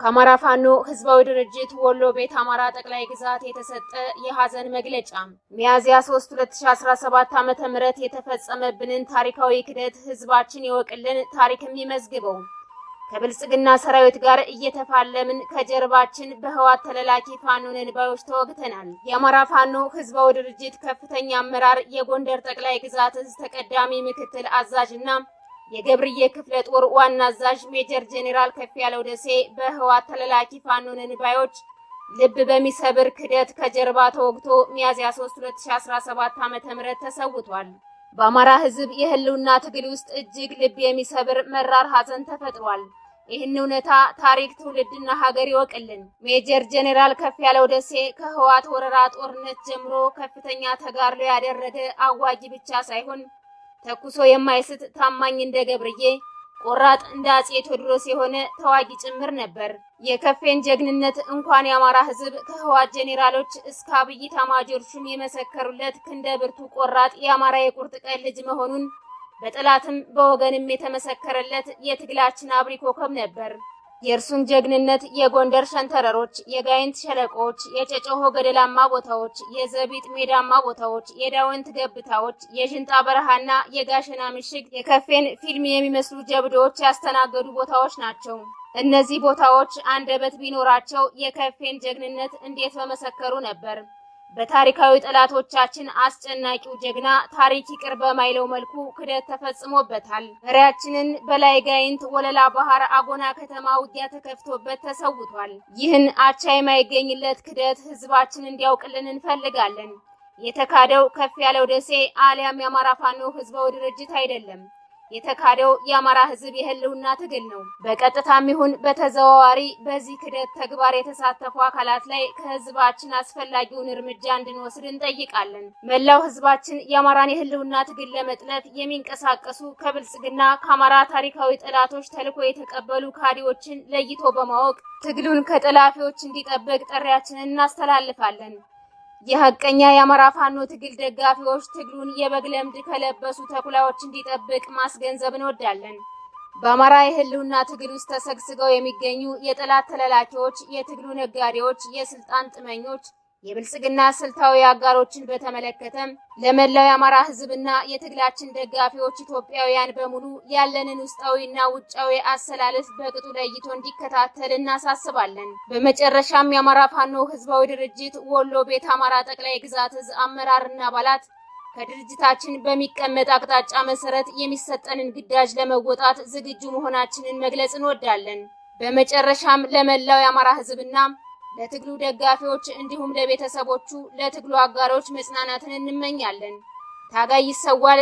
ከአማራ ፋኖ ህዝባዊ ድርጅት ወሎ ቤት አማራ ጠቅላይ ግዛት የተሰጠ የሀዘን መግለጫ። ሚያዝያ 3 2017 ዓ.ም የተፈጸመብንን ታሪካዊ ክደት ህዝባችን ይወቅልን፣ ታሪክም ይመዝግበው። ከብልጽግና ሰራዊት ጋር እየተፋለምን ከጀርባችን በህዋት ተለላኪ ፋኖ ነንባዮች ተወግተናል። የአማራ ፋኖ ህዝባዊ ድርጅት ከፍተኛ አመራር የጎንደር ጠቅላይ ግዛት እዝ ተቀዳሚ ምክትል አዛዥና የገብርዬ ክፍለ ጦር ዋና አዛዥ ሜጀር ጄኔራል ከፍ ያለው ደሴ በህወሓት ተለላኪ ፋኖን ንባዮች ልብ በሚሰብር ክደት ከጀርባ ተወግቶ ሚያዝያ 3 2017 ዓ.ም ተሰውቷል። በአማራ ህዝብ የህልውና ትግል ውስጥ እጅግ ልብ የሚሰብር መራር ሀዘን ተፈጥሯል። ይህን እውነታ ታሪክ፣ ትውልድና ሀገር ይወቅልን። ሜጀር ጄኔራል ያለው ደሴ ከህወሓት ወረራ ጦርነት ጀምሮ ከፍተኛ ተጋድሎ ያደረገ አዋጊ ብቻ ሳይሆን ተኩሶ የማይስት ታማኝ እንደ ገብርዬ ቆራጥ እንደ አጼ ቴዎድሮስ የሆነ ተዋጊ ጭምር ነበር። የከፌን ጀግንነት እንኳን የአማራ ሕዝብ ከህዋት ጄኔራሎች እስከ አብይ ኤታማዦር ሹም የመሰከሩለት ክንደ ብርቱ ቆራጥ የአማራ የቁርጥ ቀን ልጅ መሆኑን በጠላትም በወገንም የተመሰከረለት የትግላችን አብሪ ኮከብ ነበር። የእርሱን ጀግንነት የጎንደር ሸንተረሮች፣ የጋይንት ሸለቆዎች፣ የጨጨሆ ገደላማ ቦታዎች፣ የዘቢጥ ሜዳማ ቦታዎች፣ የዳውንት ገብታዎች፣ የሽንጣ በረሃና የጋሸና ምሽግ የከፌን ፊልም የሚመስሉ ጀብዶዎች ያስተናገዱ ቦታዎች ናቸው። እነዚህ ቦታዎች አንደበት ቢኖራቸው የከፌን ጀግንነት እንዴት በመሰከሩ ነበር። በታሪካዊ ጠላቶቻችን አስጨናቂው ጀግና ታሪክ ይቅር በማይለው መልኩ ክደት ተፈጽሞበታል። መሪያችንን በላይ ጋይንት ወለላ ባህር አጎና ከተማ ውጊያ ተከፍቶበት ተሰውቷል። ይህን አቻ የማይገኝለት ክደት ህዝባችን እንዲያውቅልን እንፈልጋለን። የተካደው ከፍ ያለው ደሴ አሊያም የአማራ ፋኖ ህዝባዊ ድርጅት አይደለም። የተካደው የአማራ ህዝብ የህልውና ትግል ነው። በቀጥታም ይሁን በተዘዋዋሪ በዚህ ክደት ተግባር የተሳተፉ አካላት ላይ ከህዝባችን አስፈላጊውን እርምጃ እንድንወስድ እንጠይቃለን። መላው ህዝባችን የአማራን የህልውና ትግል ለመጥለፍ የሚንቀሳቀሱ ከብልጽግና ከአማራ ታሪካዊ ጠላቶች ተልዕኮ የተቀበሉ ካድሬዎችን ለይቶ በማወቅ ትግሉን ከጠላፊዎች እንዲጠበቅ ጥሪያችንን እናስተላልፋለን። የሀቀኛ የአማራ ፋኖ ትግል ደጋፊዎች ትግሉን የበግ ለምድ ከለበሱ ተኩላዎች እንዲጠብቅ ማስገንዘብ እንወዳለን። በአማራ የህልውና ትግል ውስጥ ተሰግስገው የሚገኙ የጠላት ተላላኪዎች፣ የትግሉ ነጋዴዎች፣ የስልጣን ጥመኞች የብልጽግና ስልታዊ አጋሮችን በተመለከተም ለመላው የአማራ ህዝብና የትግላችን ደጋፊዎች ኢትዮጵያውያን በሙሉ ያለንን ውስጣዊና ውጫዊ አሰላለፍ በቅጡ ለይቶ እንዲከታተል እናሳስባለን። በመጨረሻም የአማራ ፋኖ ህዝባዊ ድርጅት ወሎ ቤት አማራ ጠቅላይ ግዛት እዝ አመራርና አባላት ከድርጅታችን በሚቀመጥ አቅጣጫ መሰረት የሚሰጠንን ግዳጅ ለመወጣት ዝግጁ መሆናችንን መግለጽ እንወዳለን። በመጨረሻም ለመላው የአማራ ህዝብና ለትግሉ ደጋፊዎች እንዲሁም ለቤተሰቦቹ፣ ለትግሉ አጋሮች መጽናናትን እንመኛለን። ታጋይ ይሰዋል